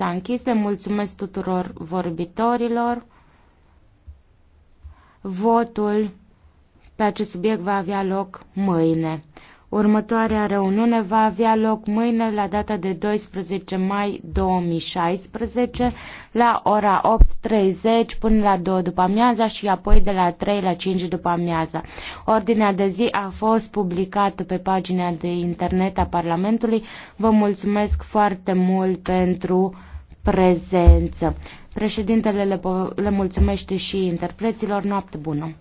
s-a închis. Le mulțumesc tuturor vorbitorilor. Votul pe acest subiect va avea loc mâine. Următoarea reuniune va avea loc mâine la data de 12 mai 2016 la ora 8.30 până la 2 după amiaza și apoi de la 3 la 5 după amiaza. Ordinea de zi a fost publicată pe pagina de internet a Parlamentului. Vă mulțumesc foarte mult pentru prezență. Președintele le, le mulțumește și interpreților. Noapte bună!